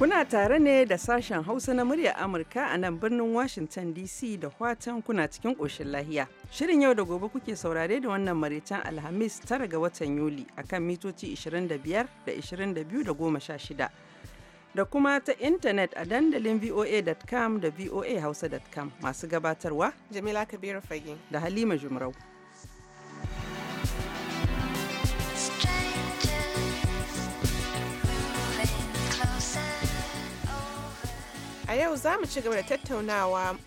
Kuna tare ne da sashen Hausa na muryar Amurka a nan birnin Washington DC da watan kuna cikin ƙoshin lahiya. Shirin yau da gobe kuke saurare da wannan maritan Alhamis tara ga watan Yuli akan mitoci 25 da 22 da 16. Da kuma ta intanet a dandalin voa.com da voahausa.com masu gabatarwa Jamila Kabiru Fage da Halima Jumrau. A yau za mu ci gaba da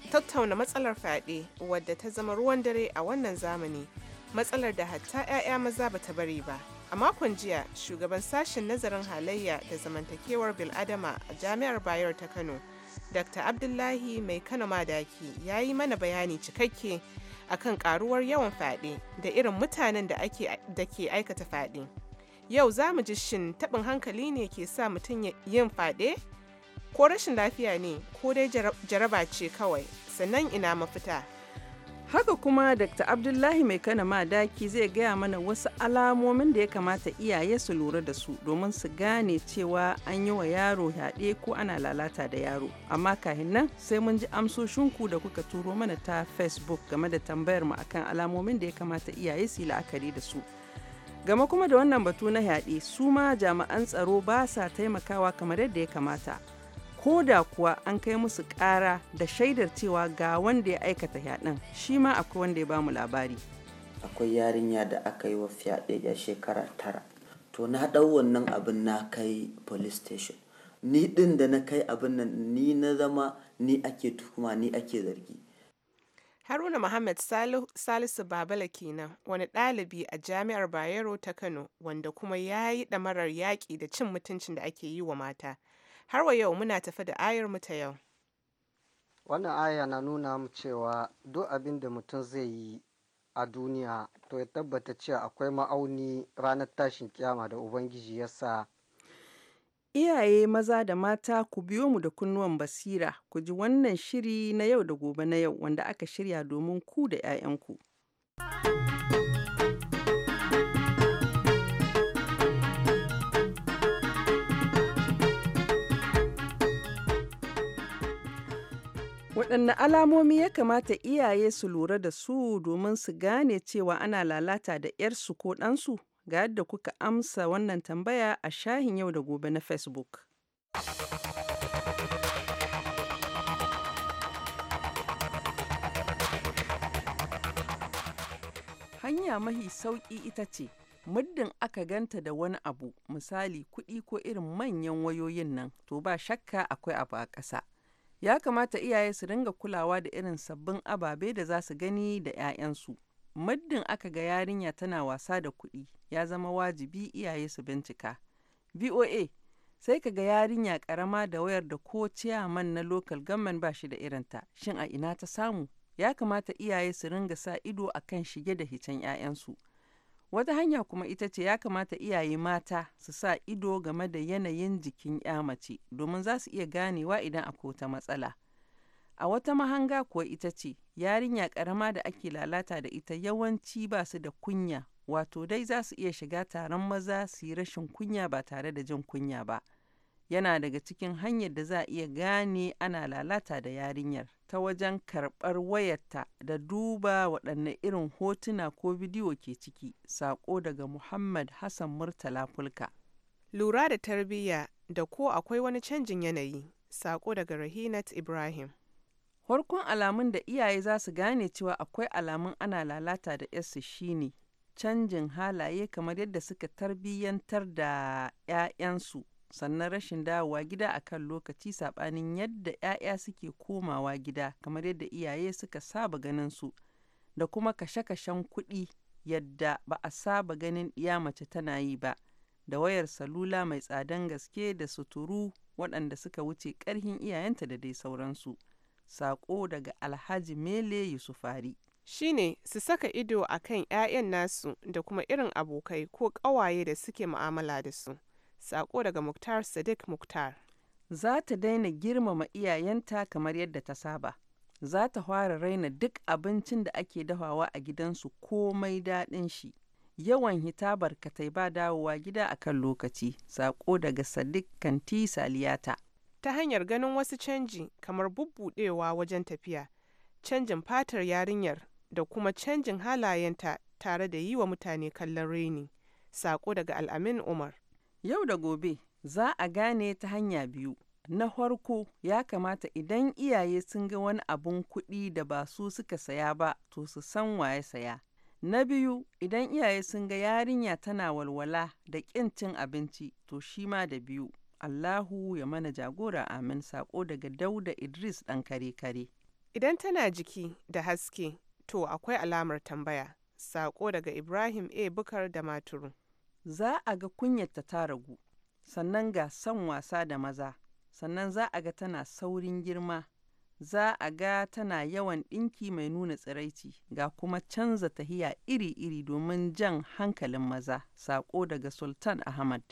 tattauna matsalar fyaɗe wadda ta zama ruwan dare a wannan zamani, matsalar da hatta 'ya'ya maza ba ta bari ba. A makon jiya, shugaban sashen nazarin halayya da zamantakewar bil'adama a Jami'ar Bayero ta Kano, Dr. Abdullahi Mai Kano Madaki ya yi mana bayani cikakke akan karuwar yawan fyaɗe da irin mutanen da ke aikata fyaɗe. Yau za mu ji shin taɓin hankali ne ke sa mutum yin fyaɗe? ko rashin lafiya ne ko dai jaraba ce kawai sannan ina mafita haka kuma dr abdullahi mai kana madaki zai gaya mana wasu alamomin da ya kamata iyaye su lura da su domin su gane cewa an yi wa yaro yaɗe ko ana lalata da yaro amma kahin nan sai mun ji amsoshinku da kuka turo mana ta facebook game da tambayar mu akan alamomin da ya kamata iyaye su yi la'akari da su game kuma da wannan batu na yaɗe su ma jami'an tsaro ba sa taimakawa kamar yadda ya kamata ko da kuwa an kai musu kara da shaidar cewa ga wanda ya aikata fyaɗen shi ma akwai wanda ya bamu labari akwai yarinya da aka yi wa fyaɗe ya shekara tara to na ɗau wannan abin na kai police station ni ɗin da na kai abin nan ni na zama ni ake tuhuma ni ake zargi Haruna Muhammad Salisu Babala kenan wani ɗalibi a Jami'ar Bayero ta Kano wanda kuma ya yi ɗamarar yaƙi da cin mutuncin da ake yi wa mata. Har wa yau muna tafi da ayar mu ta yau. Wannan aya na nuna mu cewa duk abin da mutum zai yi a duniya to ya tabbata cewa akwai ma'auni ranar tashin kiyama da Ubangiji ya sa Iyaye maza da mata ku biyo mu da kunnuwan basira ku ji wannan shiri na yau da gobe na yau wanda aka shirya domin ku da 'ya'yanku. ku. Waɗanne alamomi ya kamata iyaye su lura da su domin su gane cewa ana lalata da 'yarsu ko ɗansu? Ga yadda kuka amsa wannan tambaya a shahin yau da gobe na Facebook. Hanya mahi sauƙi ita ce, muddin aka ganta da wani abu, misali kuɗi ko irin manyan wayoyin nan, to ba shakka akwai abu a ƙasa. Ya kamata iyaye su ringa kulawa da irin sabbin ababe da za su gani da 'ya'yansu. Muddin aka ga yarinya tana wasa da kuɗi, ya zama wajibi iyaye su bincika. VOA sai ka ga yarinya karama da wayar da ko ciyaman na local government ba shi da irinta shin a ina ta samu ya kamata iyaye su ringa sa ido akan shige da hicen 'ya'yansu Wata hanya kuma ita ce ya kamata iyaye mata su sa ido game da yanayin jikin ‘ya mace domin za su iya ganewa idan akwai wata matsala. A wata mahanga kuwa ita ce, yarinya karama da ake lalata da ita yawanci ba su da kunya, wato dai za su iya shiga taron maza su yi rashin kunya ba tare da jin kunya ba. yana daga cikin hanyar da za a iya gane ana lalata da yarinyar ta wajen karɓar wayarta da duba waɗanne irin hotuna ko bidiyo ke ciki saƙo daga muhammad hassan murtala fulka lura da tarbiyya da ko akwai wani canjin yanayi saƙo daga rahinat ibrahim farkon alamun da iyaye za su gane cewa akwai alamun ana lalata da yarsu shine canjin halaye kamar yadda suka tarbiyyantar da 'ya'yansu sannan rashin dawowa gida akan lokaci saɓanin yadda 'ya'ya suke komawa gida kamar yadda iyaye suka saba ganin su da kuma kashe-kashen kuɗi yadda ba a saba ganin ɗiya mace tana yi ba da wayar salula mai tsadan gaske da suturu waɗanda suka wuce ƙarhin iyayenta da dai sauransu saƙo daga alhaji mele yusufari shine su saka ido a kan 'ya'yan nasu da kuma irin abokai ko ƙawaye da suke mu'amala da su Sako daga Muktar Sadiq Muktar. Za ta daina girmama iyayenta kamar yadda ta saba. Za ta fara raina duk abincin da ake dafawa a gidansu komai daɗin shi. Yawan hita barkatai ba dawowa gida a kan lokaci. Sako daga Sadiq Kanti Saliyata. Ta hanyar ganin wasu canji kamar bubbuɗewa wajen tafiya, canjin fatar yarinyar da kuma canjin halayenta tare da yi wa mutane kallon raini Sako daga Al'amin Umar. Yau da gobe za a gane ta hanya biyu. Na farko ya kamata idan iyaye sun ga wani abun kuɗi da ba su suka saya ba to su san waye saya. Na biyu idan iyaye sun ga yarinya tana walwala da ƙin cin abinci to shi ma da biyu. Allahu ya mana jagora amin saƙo daga Dauda Idris ɗan kare kare. Idan tana jiki da haske to akwai alamar tambaya. saƙo daga Ibrahim A. Bukar da Maturu. za a ga kunyata ta ragu, sannan ga son wasa da maza, sannan za a ga tana saurin girma, za a ga tana yawan ɗinki mai nuna tsiraici, ga kuma canza tahiya iri-iri domin jan hankalin maza, saƙo daga Sultan Ahmad.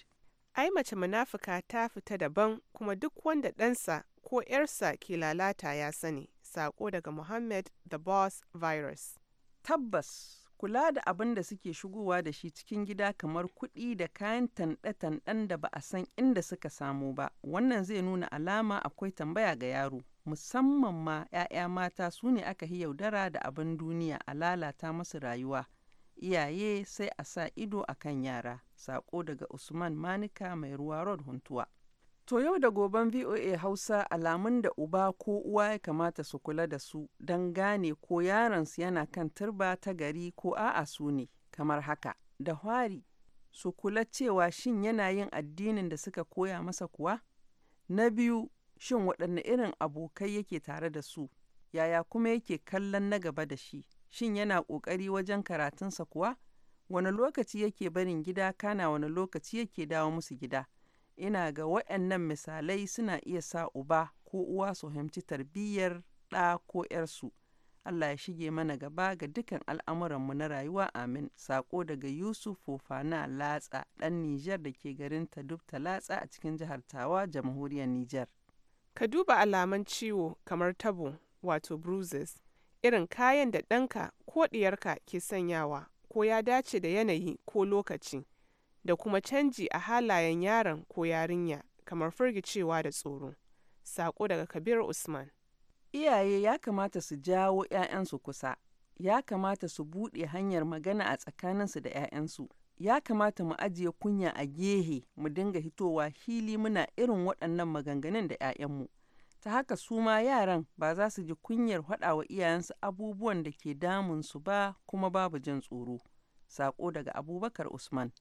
Ai mace munafuka ta fita daban kuma duk wanda ɗansa ko ‘yarsa ke lalata ya sani, saƙo daga Muhammad the Boss Virus. Tabbas kula da abin da suke shigowa da shi cikin gida kamar kuɗi da kayan tanɗe-tanɗen da ba a san inda suka samo ba wannan zai nuna alama akwai tambaya ga yaro musamman ma 'ya'ya mata su ne aka yi yaudara da abin duniya a lalata masu rayuwa iyaye sai a sa ido a kan yara sako daga usman manika mai ruwa rod huntuwa To yau da goben VOA Hausa alamun da uba ko uwa ya kamata su kula da su don gane ko yaransu yana kan turba ta gari ko a'a su ne, kamar haka. Da hwari, su kula cewa shin yana yin addinin da suka koya masa kuwa? Na biyu, shin waɗanne irin abokai yake tare da su? Yaya kuma yake kallon na gaba da shi? Shin yana ƙoƙari wajen karatunsa kuwa? Wani lokaci yake barin gida kana wani lokaci yake dawo musu gida? Ina ga waɗannan misalai suna iya sa uba ko uwa su fahimci tarbiyyar ɗa ko ‘yarsu. Allah ya shige mana gaba ga dukan al'amuranmu na rayuwa amin. Sako daga Yusuf Fofana Latsa, ɗan Nijar da ke garin Tadubta Latsa a cikin jihar Tawa, jamhuriyar Nijar. Ka duba alaman ciwo kamar tabo, wato bruises, irin kayan da ɗanka ko ɗiyarka ke sanyawa ko ya dace da yanayi ko lokaci. da kuma canji a halayen yaron ko yarinya kamar firgicewa da tsoro. Sako daga Kabir Usman. Iyaye ya kamata su jawo 'ya'yansu kusa, ya kamata su buɗe hanyar magana a tsakaninsu da 'ya'yansu. Ya kamata mu ajiye kunya a gehe mu dinga hitowa hili muna irin waɗannan maganganun da 'ya'yanmu. Ta haka su ma yaran ba za su ji kunyar wa iyayensu abubuwan da ke damunsu ba kuma babu jin tsoro. Sako daga Abubakar Usman.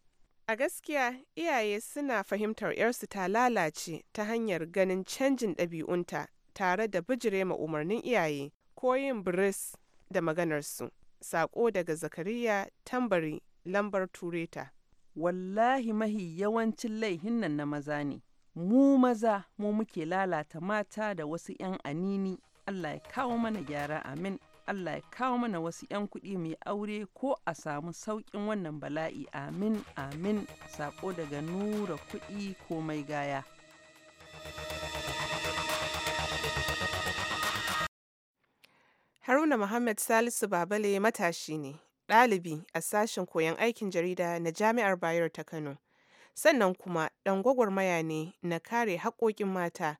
A gaskiya, iyaye suna fahimtar 'yarsu ta lalace ta hanyar ganin canjin ɗabi'unta tare da bijirema umarnin iyaye ko yin biris da maganarsu. Sako daga Zakariya Tambari, lambar Tureta. Wallahi mahi yawancin laihin nan na maza ne. Mu maza mu muke lalata mata da wasu 'yan anini. Allah ya kawo mana gyara amin. Allah ya kawo mana wasu 'yan kuɗi mai aure ko a samu sauƙin wannan bala'i amin amin sako daga nura kuɗi ko mai gaya. Haruna Muhammad Salisu Babale matashi ne, ɗalibi a sashen koyon aikin jarida na Jami'ar Bayero ta Kano. Sannan kuma ɗan gwagwarmaya ne na kare haƙoƙin mata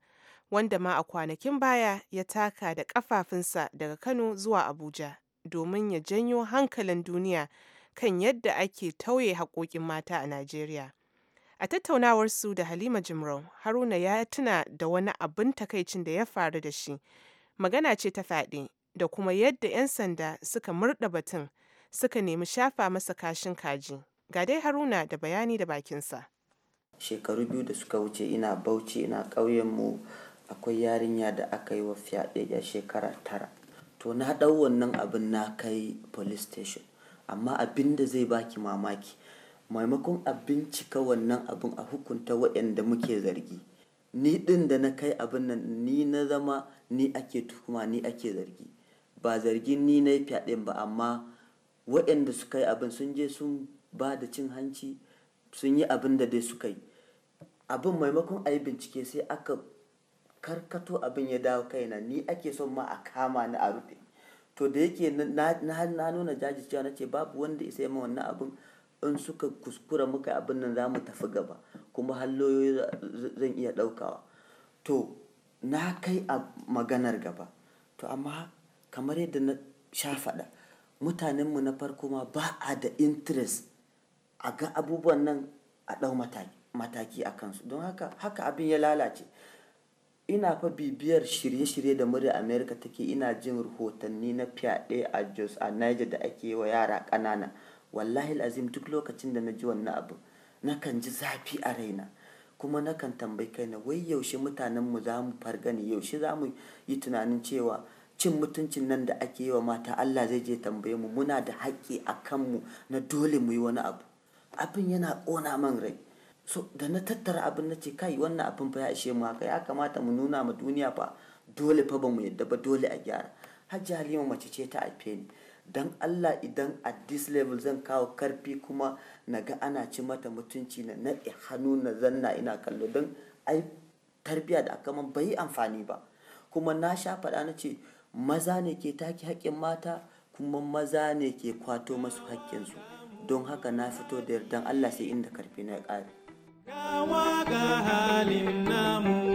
wanda ma a kwanakin baya ya taka da ƙafafunsa daga Kano zuwa Abuja domin ya janyo hankalin duniya kan yadda ake tauye haƙoƙin mata a Najeriya. A tattaunawarsu da Halima Jimrau, Haruna ya tuna da wani abin takaicin da ya faru da shi. Magana ce ta fadi da kuma yadda 'yan sanda suka murɗa batun suka nemi shafa masa kashin kaji. Ga dai Haruna da bayani da bakinsa. Shekaru biyu da suka wuce ina bauchi ina ƙauyenmu akwai yarinya da aka yi wa fyaɗe a shekara tara to na ɗau wannan abin na kai police station amma abin da zai baki mamaki maimakon a bincika wannan abin a hukunta waɗanda muke zargi ni ɗin da na kai abin nan ni na zama ni ake tuhuma ni ake zargi ba zargin ni na yi ba amma waɗanda suka yi abin sun je sun ba da cin hanci sun yi abin da dai suka yi abin maimakon a yi bincike sai aka karkato abin ya dawo kaina ni ake son ma a kama ni a rufe to da yake na nuna jajircewa na ce babu wanda isa yi wannan abin in suka kuskura muka abin nan za mu tafi gaba kuma halloyoyi zan iya ɗaukawa to na kai a maganar gaba to amma kamar yadda na sha faɗa mutanenmu na farko ma ba a da interest a ga abubuwan nan a ɗau mataki a kansu don haka haka abin ya lalace ina fa bibiyar shirye-shirye da murya america take ina jin rahotanni na fyaɗe a jos a niger da ake wa yara ƙanana wallahi azim duk lokacin da na ji wannan abu nakan ji zafi a raina kuma nakan tambayi kaina wai yaushe mutanenmu za mu fargani yaushe za mu yi tunanin cewa cin mutuncin nan da ake yi wa mata allah zai je tambaye mu muna da haƙƙi a kanmu na dole mu yi wani abu abin yana ƙona man rai so da na tattara abin na ce kai wannan abin fa ya ishe mu haka ya kamata mu nuna ma duniya fa dole fa ba mu yadda ba dole a gyara hajji halima mace ce ta haife ni dan allah idan a this level zan kawo karfi kuma na ga ana ci mata mutunci na na hannu na zanna ina kallo don ai tarbiya da aka man bai amfani ba kuma na sha faɗa na ce maza ne ke take haƙƙin mata kuma maza ne ke kwato masu haƙƙinsu don haka na fito da yardan allah sai inda karfi na ya ƙare Gawa ga halin namu.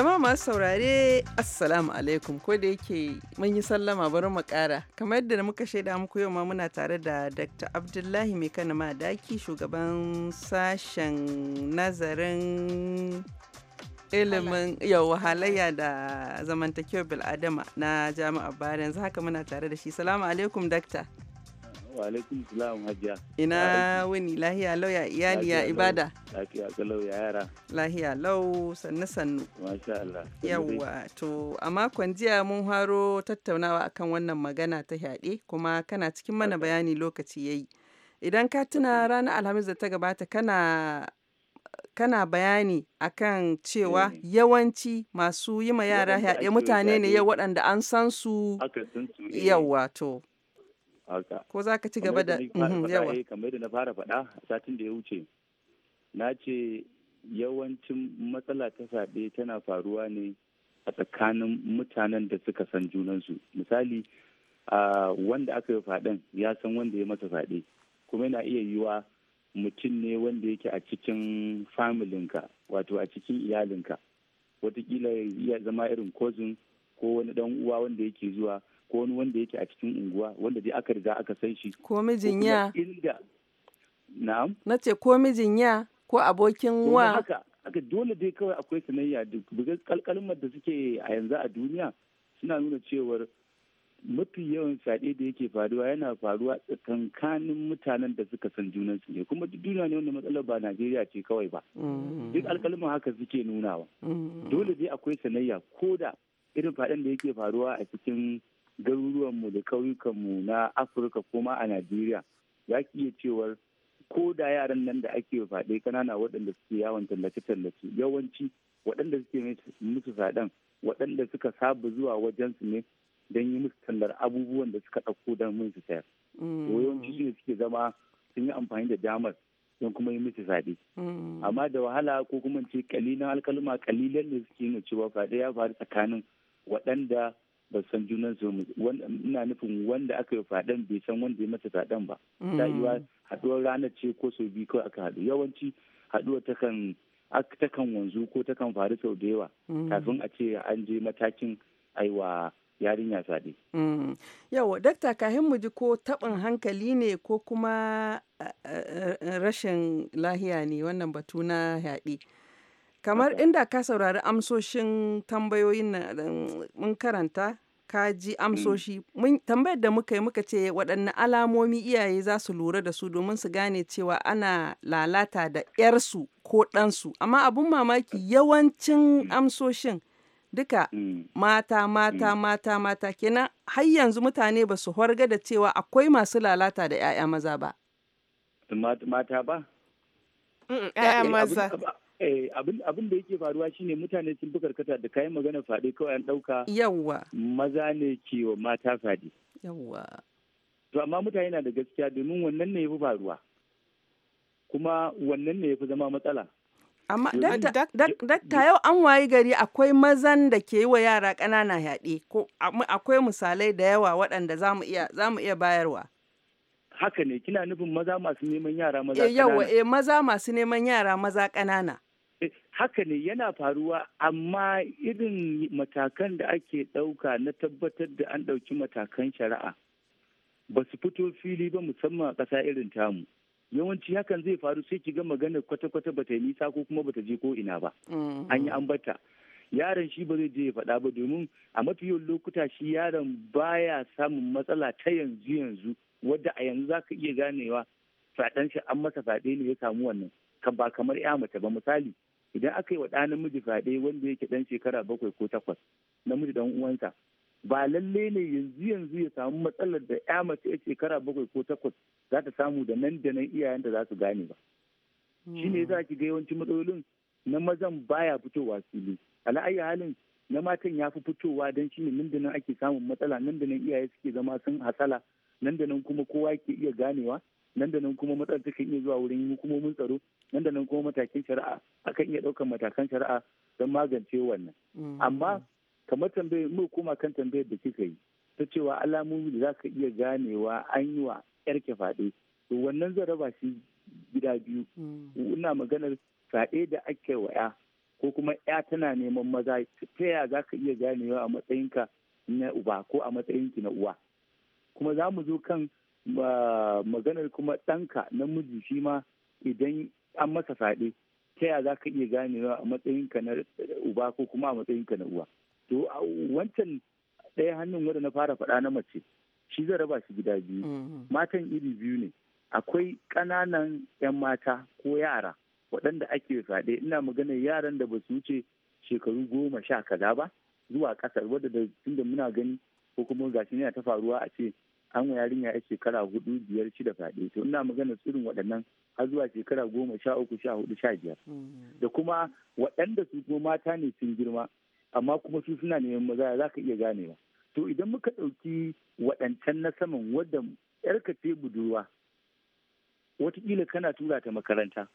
Zama masu saurare Assalamu alaikum ko da yake mun yi sallama bari mu kara kamar yadda muka shaida muku yau ma muna tare da Dr. Abdullahi Mai ma daki shugaban sashen nazarin ilimin yau halayya da zamantakewar bil'adama na jami'ar bayan yanzu haka muna tare da shi. Salamu alaikum Dr. Wa alaikum salam Ina wani lahiya lau ya iyali ya ibada. Lahiya lau ya yara. Lahiya lau sannu sannu. Masha Allah. Yawwa to a makon jiya mun haro tattaunawa akan wannan magana ta yaɗe kuma kana cikin mana bayani lokaci yayi. Idan ka tuna ranar Alhamis da ta gabata kana kana bayani akan cewa eh. yawanci masu yi ma yara yaɗe mutane ne yau waɗanda an san su eh. yau wato haka ko za ka ci gaba da mhm, yawa eh, kamar yadda na fara faɗa satin da ya wuce na ce yawancin matsala ta saɓe tana faruwa ne a tsakanin mutanen da suka san junansu misali wanda aka yi faɗen ya san wanda ya masa faɗe kuma yana iya yiwa mutum ne wanda yake a cikin familinka wato a cikin iyalinka watakila ya zama irin kozin ko wani dan uwa wanda yake zuwa ko wani wanda yake a cikin unguwa wanda dai aka riga aka san shi ko mijin ya na'am ce ko mijin ya ko abokin wa haka haka dole dai kawai akwai sanayya duk kalkalmar da suke a yanzu a duniya suna nuna cewar mafi yawan fyaɗe da yake faruwa yana faruwa tsakankanin mutanen da suka san junansu ne kuma duk duniya ne wanda matsalar ba najeriya ce kawai ba mm. duk alkalman haka suke nunawa mm. dole dai akwai sanayya ko da irin faɗan da yake faruwa a cikin garuruwanmu da ƙauyukanmu na afirka kuma a najeriya za ki iya cewar ko da yaran nan da ake faɗe kanana waɗanda suke yawon tallace-tallace yawanci waɗanda suke musu faɗan waɗanda suka saba zuwa wajensu ne don yi musu tallar abubuwan da suka ɗauko don mun su sayar. Mm. yawanci shi suke zama sun yi amfani da damar don kuma yi musu fyaɗe. Mm. Amma da wahala ko kuma ce kalilan alkalma kalilan ne suke yin cewa faɗe ya faru tsakanin waɗanda ba san junan su ina nufin wanda aka yi fyaɗen bai san wanda ya masa fadan ba mm. ta yiwa haɗuwar ranar ce ko sau biyu kawai aka haɗu yawanci haɗuwar takan kan wanzu ko takan faru sau da yawa mm. kafin a ce an je matakin aiwa yarinya fyaɗe. Mm. Yawa, dakta kahin mu ji ko taɓin hankali ne ko kuma eh, eh, eh, rashin lahiya ne wannan batu na yaɗe. Kamar inda ka saurari amsoshin tambayoyin nan mun karanta ka ji mm. amsoshi tambayar da muka yi muka ce waɗanne alamomi iyaye za su lura da su domin su gane cewa ana lalata da 'yarsu ko ɗansu amma abun mamaki yawancin mm. amsoshin duka mm. mata mata mata mata kenan har yanzu mutane ba su horga da cewa akwai masu lalata da 'ya'ya maza ba mata ba Eh, abin da yake faruwa shine mutane sun fi karkata da kayan magana fade kawai an ɗauka yawwa maza ne ke wa mata fadi, yawwa to amma mutane na da gaskiya domin wannan ne ya fi faruwa kuma wannan ne ya fi zama matsala amma dakta yau an wayi gari akwai mazan da ke yi wa yara ƙanana yaɗe ko akwai misalai da yawa waɗanda za mu iya bayarwa haka ne kina nufin maza masu neman yara maza eh, ƙanana yawa eh, maza masu neman yara maza ƙanana Eh, haka ne yana faruwa amma irin matakan da ake ɗauka na tabbatar da an ɗauki matakan shari'a ba su fito fili ba musamman a ƙasa irin tamu yawanci hakan zai faru sai ki ga maganar kwata-kwata ta yi nisa ko kuma bata je ko ina ba mm-hmm. an yi ambata yaron shi ba zai je ya faɗa ba domin a mafi yawan lokuta shi yaron baya samun matsala ta yanzu yanzu wadda a yanzu zaka iya ganewa faɗan shi an masa faɗe ne ya samu wannan ba kamar ya mace ba misali idan aka yi wa ɗa namiji fyaɗe wanda yake ɗan shekara bakwai ko takwas namiji dan uwansa ba lalle ne yanzu yanzu ya samu matsalar da ya mace ya shekara bakwai ko takwas za ta samu da nan da nan iyayen da za su gane ba shi ne za ki ga yawancin matsalolin na mazan baya fitowa fili ala'ayi halin na matan ya fi fitowa don shi ne nan da nan ake samun matsala nan da nan iyaye suke zama sun hasala nan da nan kuma kowa ke iya ganewa nan da nan kuma matsalar take iya zuwa wurin hukumomin tsaro nan da nan kuma matakin shari'a akan iya ɗaukar matakan shari'a don magance wannan mm. amma kamar tambayar mu kuma kan tambayar da kika yi ta cewa alamomi da za ka iya ganewa an yi wa yar faɗe to wannan zan raba shi gida biyu mm. ina maganar faɗe da ake wa ya ko kuma ya tana neman maza ta yaya za ka iya ganewa a matsayinka na uba ko a matsayinki na uwa kuma za mu zo kan ah, maganar kuma ɗanka namiji shi ma idan an masa fade ta ya za ka iya ganewa a matsayinka na uba ko kuma a matsayinka na uwa to wancan ɗaya hannun wanda na fara faɗa na mace shi zai raba shi gida biyu mm-hmm. matan iri biyu ne akwai ƙananan 'yan mata ko yara waɗanda ake fyaɗe ina magana yaran da ba su wuce shekaru goma sha kaza ba zuwa ƙasar wadda da tunda muna gani ko kuma gashi yana ta faruwa a ce an wa yarinya ya shekara hudu biyar shida fade to ina magana tsirin waɗannan har zuwa shekara goma sha uku sha hudu sha biyar mm. da kuma waɗanda su kuma mata ne sun girma amma kuma su suna neman maza za ka iya ganewa to idan muka ɗauki waɗancan na saman wadda yarka ce budurwa watakila kana tura ta makaranta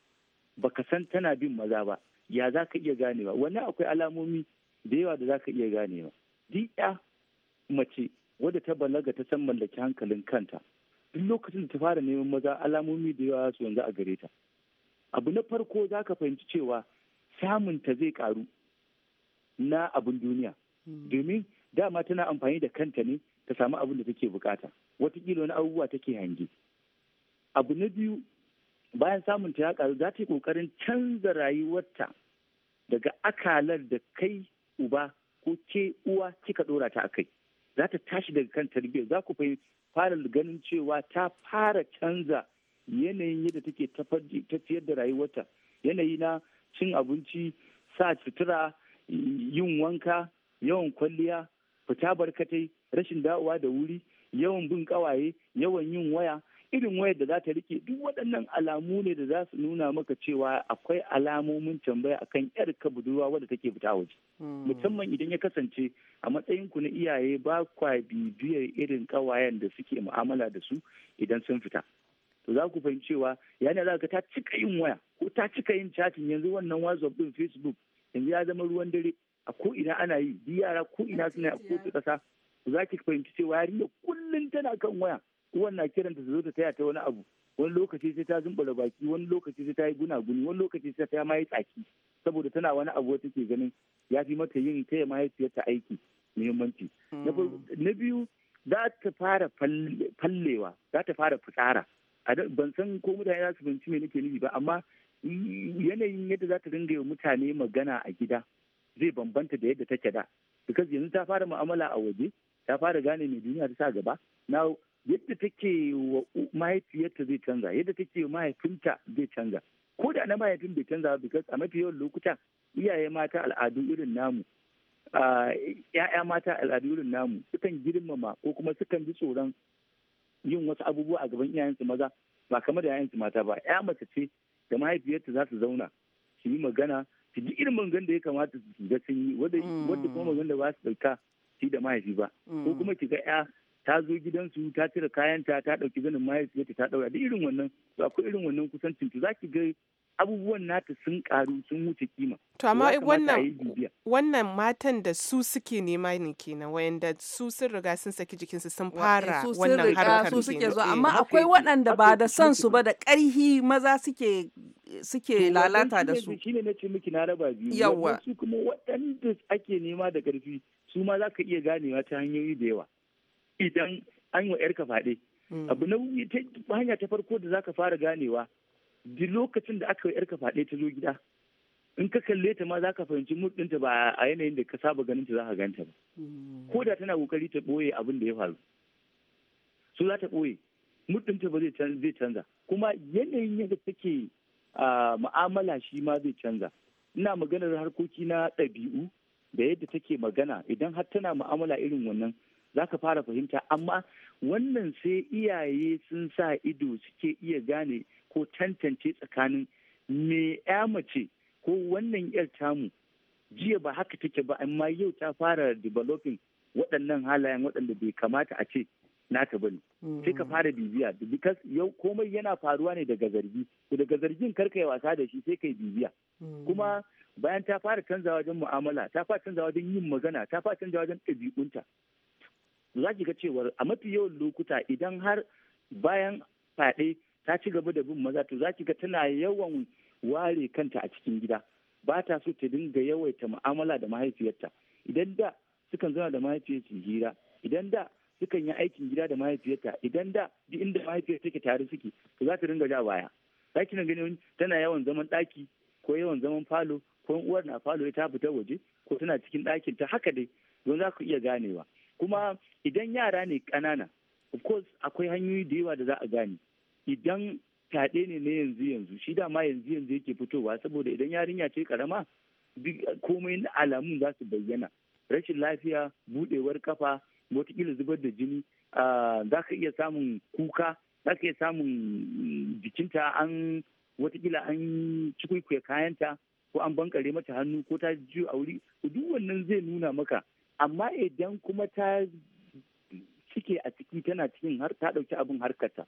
baka san tana bin maza ba ya za ka iya ganewa wani akwai alamomi da yawa da za ka iya ganewa duk mace wadda ta balaga ta san mallaki hankalin kanta duk lokacin da ta fara neman maza alamomi da yawa su yanzu a gare ta abu na farko za ka fahimci cewa samun ta zai karu na abin duniya hmm. domin dama tana amfani da kanta ne ta samu abin da take bukata watakila wani abubuwa take hange abu na biyu bayan samun ta ya karu za ta yi kokarin canza rayuwarta daga akalar da kai uba ko ke uwa kika dora ta a kai za ta tashi daga kan tarbiyyar za ku fahimci fara ganin cewa ta fara canza yanayin yadda take tafiyar da rayuwarta yanayi na cin abinci sa sutura yin wanka yawan kwalliya fita barkatai rashin dawowa da wuri yawan bin kawaye yawan yin waya irin wayar da za ta rike duk waɗannan alamu ne da za su nuna maka cewa akwai alamomin tambaya akan yar ka budurwa wadda take fita waje hmm. musamman idan ya kasance a matsayin ku na iyaye ba kwa bibiyar irin kawayen da suke mu'amala da su idan sun fita to za ku fahimci cewa yana za ka ta cika yin waya ko ta cika yin chatting yanzu wannan whatsapp din facebook yanzu ya zama ruwan dare a ko ina ana yi yara ko ina suna a kotu kasa za ki fahimci cewa yarinya kullum tana kan waya uwan na kiranta ta zo ta taya ta wani abu wani lokaci sai ta zumbura baki wani lokaci sai ta yi gunaguni wani lokaci sai ta ma yi tsaki saboda tana wani abu wata ke ganin ya fi mata yin taya mahaifiyarta aiki muhimmanci na biyu za ta fara fallewa za ta fara fitsara ban san ko mutane za su binci me nake nufi ba amma yanayin yadda za ta dinga yi mutane magana a gida zai bambanta da yadda take da because yanzu ta fara mu'amala a waje ta fara gane mai duniya ta sa gaba na yadda take wa mahaifiyarta zai canza yadda take wa mahaifinta zai canza ko da na mahaifin bai canza ba because a mafi yawan lokuta iyaye mata al'adu irin namu ya'ya mata al'adu irin namu sukan girmama ko kuma sukan ji tsoron yin wasu abubuwa a gaban iyayensu maza ba kamar da yayansu mata ba ya mace ce da mahaifiyarta za su zauna su yi magana su ji irin magan da ya kamata su ga sun yi wadda mm. kuma magan da ba su dauka shi da mahaifi ba ko mm. kuma ki ga ya ta zo gidansu ta cire kayanta ta ɗauki zanin mahaifiyarta ta ɗaura da irin wannan to akwai irin wannan kusancin to zaki ga abubuwan nata sun karu sun wuce kima. To amma wannan wannan matan da su suke nema ne kenan wayanda su sun riga sun saki jikinsu sun fara wannan harkar su suke zo eh, amma akwai waɗanda ba da son su ba da ƙarhi maza suke suke lalata da su. Shine na ce miki na raba biyu. Yawwa. Su kuma waɗanda ake nema da ƙarfi su ma za ka iya ganewa ta hanyoyi da yawa. idan an wa 'yarka faɗe mm. abu na hanya ta farko da zaka fara ganewa duk lokacin da aka yi 'yarka faɗe ta zo gida in ka kalle ta ma zaka fahimci mudinta ba a yanayin da ka saba ganin ta zaka ganta ba mm. ko da tana kokari ta ɓoye abin da ya faru su za ta ɓoye mudinta ba zai canza kuma yanayin yadda take mu'amala shi ma zai canza ina maganar harkoki na ɗabi'u da yadda take magana idan har tana mu'amala irin wannan za ka fara fahimta amma wannan sai iyaye sun sa ido suke iya gane ko tantance tsakanin me ya mace ko wannan yar tamu jiya ba haka take ba amma yau ta fara developing waɗannan halayen waɗanda bai kamata a ce naka bane sai ka mm. fara bibiya because yau komai yana faruwa ne daga zargi daga zargin kar ka yi wasa da shi sai kai bibiya mm. kuma bayan ta fara canzawa wajen mu'amala ta fara canzawa wajen yin magana ta fara canzawa wajen ɗabi'unta za ki ga cewar a mafi yawan lokuta idan har bayan fyaɗe ta ci gaba da bin maza to za ki ga tana yawan ware kanta a cikin gida ba ta so ta dinga yawaita mu'amala da mahaifiyarta idan da sukan zauna da mahaifiyarta hira idan da sukan yi aikin gida da mahaifiyarta idan da duk inda mahaifiyar take tare suke to za ta dinga ja baya za ki gani tana yawan zaman ɗaki ko yawan zaman falo ko uwar na falo ta fita waje ko tana cikin ɗakin ta haka dai don za ku iya ganewa kuma idan yara ne ƙanana of course akwai hanyoyi da yawa da za a gane idan fyaɗe ne na yanzu yanzu shi dama yanzu yanzu yake fitowa saboda idan yarinya ce karama komai na alamun za su bayyana rashin lafiya buɗewar kafa wataƙila zubar da jini za ka iya samun kuka za ka iya samun jikinta an wataƙila an cikwikwiye kayanta ko an bankare mata hannu ko ta ji a wuri duk wannan zai nuna maka amma idan kuma ta cike a ciki tana cikin har ta ɗauki abin harkata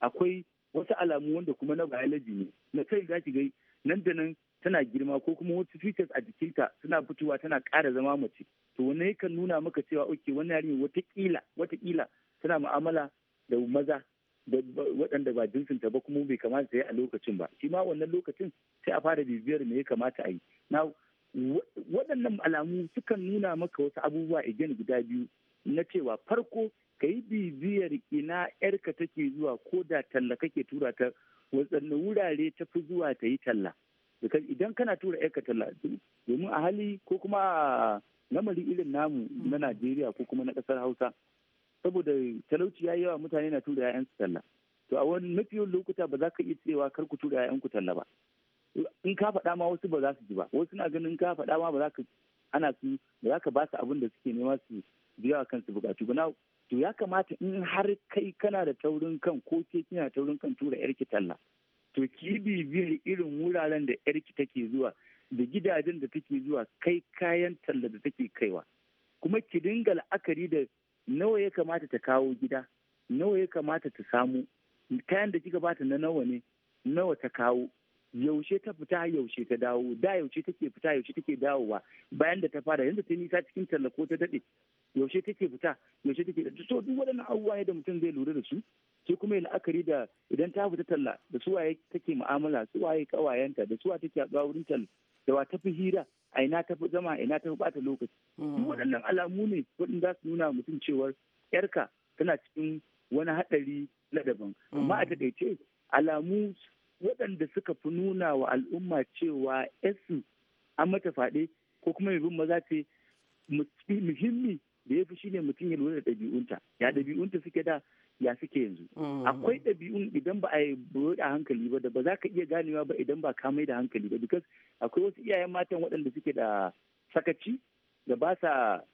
akwai wasu alamu wanda kuma na biology ne na kai za ki gai nan da nan tana girma ko kuma wasu features a jikinta suna fitowa tana ƙara zama mace to wannan yakan nuna maka cewa oke wannan yarinya watakila watakila tana mu'amala da maza da waɗanda ba jinsinta ba kuma bai kamata ta yi a lokacin ba shi ma wannan lokacin sai a fara bibiyar me ya kamata a yi na waɗannan alamu sukan nuna maka wasu abubuwa again guda biyu na cewa farko ka yi bibiyar ina yarka take zuwa ko da talla kake tura ta waɗanne wurare ta fi zuwa ta yi talla idan kana tura yarka talla domin a hali ko kuma a namari irin namu na mm. najeriya ko kuma na ƙasar hausa saboda talauci ya yawa mutane na tura 'ya'yansu talla to a wani mafi lokuta ba za ka iya cewa kar ku tura 'ya'yanku talla ba in ka faɗa ma wasu ba za su ji ba wasu na ganin ka faɗa ma ba za ka ana su ba za ka ba su abin da suke nema su biya kansu bukatu ba to ya kamata in har kai kana da taurin kan ko ke kina taurin kan tura yarki talla to ki bibiyar irin wuraren da yarki take zuwa da gidajen da take zuwa kai kayan talla da take kaiwa kuma ki dinga la'akari da nawa ya kamata ta kawo gida nawa ya kamata ta samu kayan da kika bata na nawa ne nawa ta kawo yaushe ta fita yaushe ta dawo da yaushe take fita yaushe take dawowa bayan da ta fara yanzu ta nisa cikin talla ta daɗe yaushe take fita yaushe take da to duk waɗannan abubuwa ne da mutum zai lura da su sai kuma ya la'akari da idan ta fita talla da su waye take mu'amala su kawayenta da su take haɗuwa wurin talla da wa tafi hira a ina tafi zama ina tafi bata lokaci duk mm. waɗannan alamu ne waɗanda za su nuna mutum cewar yarka tana cikin wani haɗari na daban amma a mm. taƙaice alamu waɗanda suka fi nuna wa al'umma cewa yasu an mata faɗe ko kuma mai maza ce muhimmi da ya fi shi ne mutum ya lura da ɗabi'unta ya mm. ɗabi'unta suke da ya suke yanzu mm. akwai ɗabi'un idan ba a yi a hankali ba da ba za ka iya ganewa ba idan ba ka mai da hankali ba because akwai wasu iyayen matan waɗanda suke da sakaci da ba sa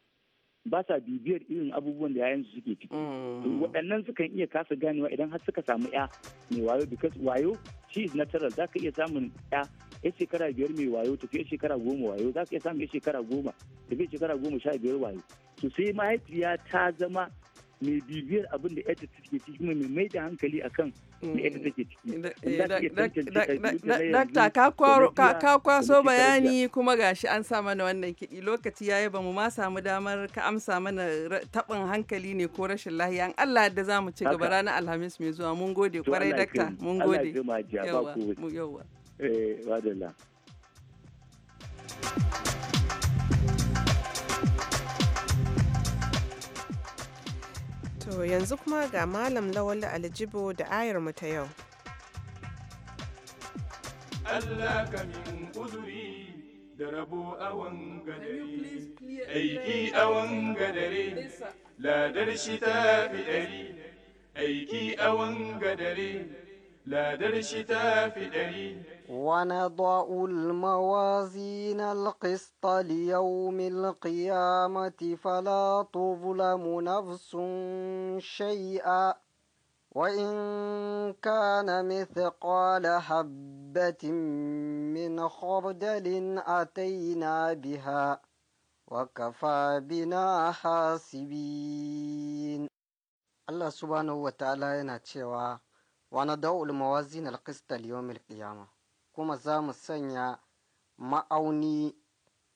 ba sa bibiyar irin abubuwan da yayansu suke ciki mm. waɗannan sukan iya kasa ganewa idan har suka samu ya mai wayo because wayo shi is natural za ka iya samun ya ya shekara biyar mai wayo tafiya shekara goma wayo za ka iya samun ya shekara goma tafiya shekara goma sha biyar wayo to sai mahaifiya ta zama mai bibiyar abin da yadda take ciki mai mai da hankali a kan yadda take ciki. Mm. Dakta ka kwaso bayani kuma gashi an sa mana wannan kiɗi lokaci ya yi ba mu ma samu damar ka amsa mana taɓin hankali ne ko rashin lahiya an Allah da za mu ci gaba ranar Alhamis mai zuwa mun gode kwarai dakta mun gode. Yawa. Yawa. Eh, To yanzu kuma ga Malam Lawali Aljibo da ayar mu ta yau. Allah ka min uzuri da rabo awan gadare, aiki awan gadari ladar shi ta fi ɗari, aiki awon gadare, ladar shi ta fi ɗari. ونضع الموازين القسط ليوم القيامة فلا تظلم نفس شيئا وإن كان مثقال حبة من خردل أتينا بها وكفى بنا حاسبين الله سبحانه وتعالى ينتشوا ونضع الموازين القسط ليوم القيامه kuma za mu sanya ma'auni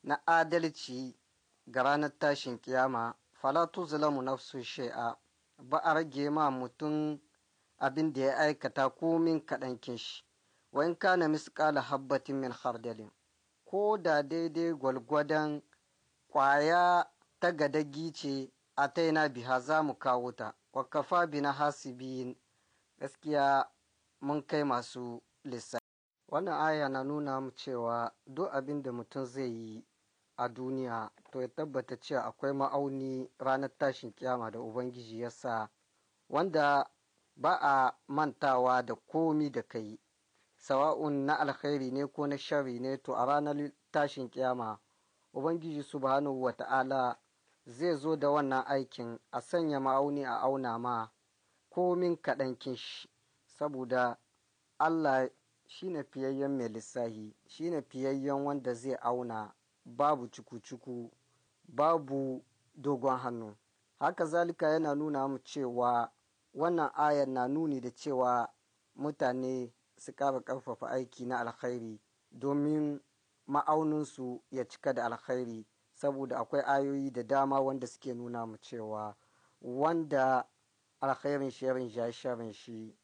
na adalci ga ranar tashin kiyama falatu na su shai'a ba a rage ma mutum abin da ya aikata komin kaɗan shi wa in kana misƙala habbatin min hardalin ko da daidai gwalgwadon ƙwaya ta gadagi ce a taina biha za mu kawo ta wakafa bi na hasibiyin gaskiya mun kai masu lissafi Wannan aya na nuna mu cewa duk abin da mutum zai yi a duniya to ya tabbata cewa akwai ma'auni ranar tashin kiyama da Ubangiji ya sa wanda ba a mantawa da komi da kai sawa'un na alkhairi ne ko na shari ne to a ranar tashin kiyama Ubangiji subhanahu wata'ala zai zo da wannan aikin a sanya ma'auni a auna ma komin kaɗan shi saboda Allah shine fiyayyen mai lissahi shine fiyayyen wanda zai auna babu cuku-cuku babu dogon hannu haka zalika yana nuna mu cewa wannan ayar na nuni da cewa mutane su kara karfafa aiki na alkhairi domin ma'auninsu ya cika da alkhairi saboda akwai ayoyi da dama wanda suke nuna mu cewa wanda alkhairin shirin ja shirin shi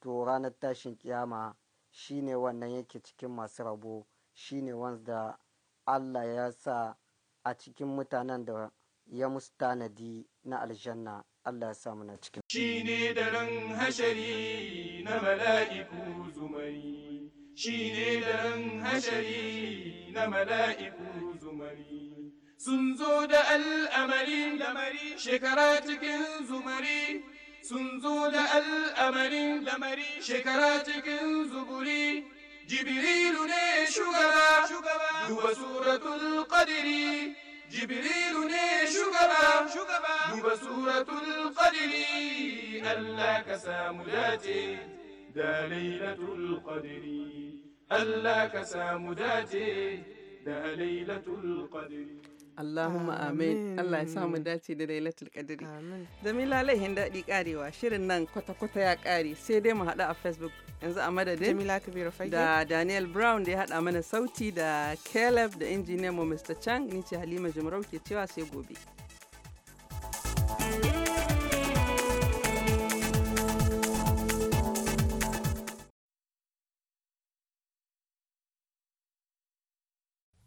to ranar tashin kiyama shi ne wannan yake cikin masu rabo shi ne wanda Allah ya sa a cikin mutanen da ya musu tanadi na aljanna Allah ya samu na cikin. Shi ne daren hashari na mala'iku zumari, shi ne daren hashari na mala'iku zumari. Sun zo da al'amari, shekara cikin zumari, سنزول الأمر شكراتك زبري جبريل ne shugaba duba suratul qadri jibrilu ne shugaba duba suratul qadri Allah ka samu dace da lailatul qadri Allah ka samu dace da lailatul qadri Allahumma amin. Allah ya samu dace da Lailatul Qadri. Amin. Jamila laihin daɗi karewa shirin nan kwata-kwata ya kare sai dai mu haɗu a Facebook yanzu a madadin Jamila Kabiru Fage da Daniel Brown da ya haɗa mana sauti da Caleb da injiniyan mu Mr. Chang ni ce Halima Jumarau ke cewa sai gobe.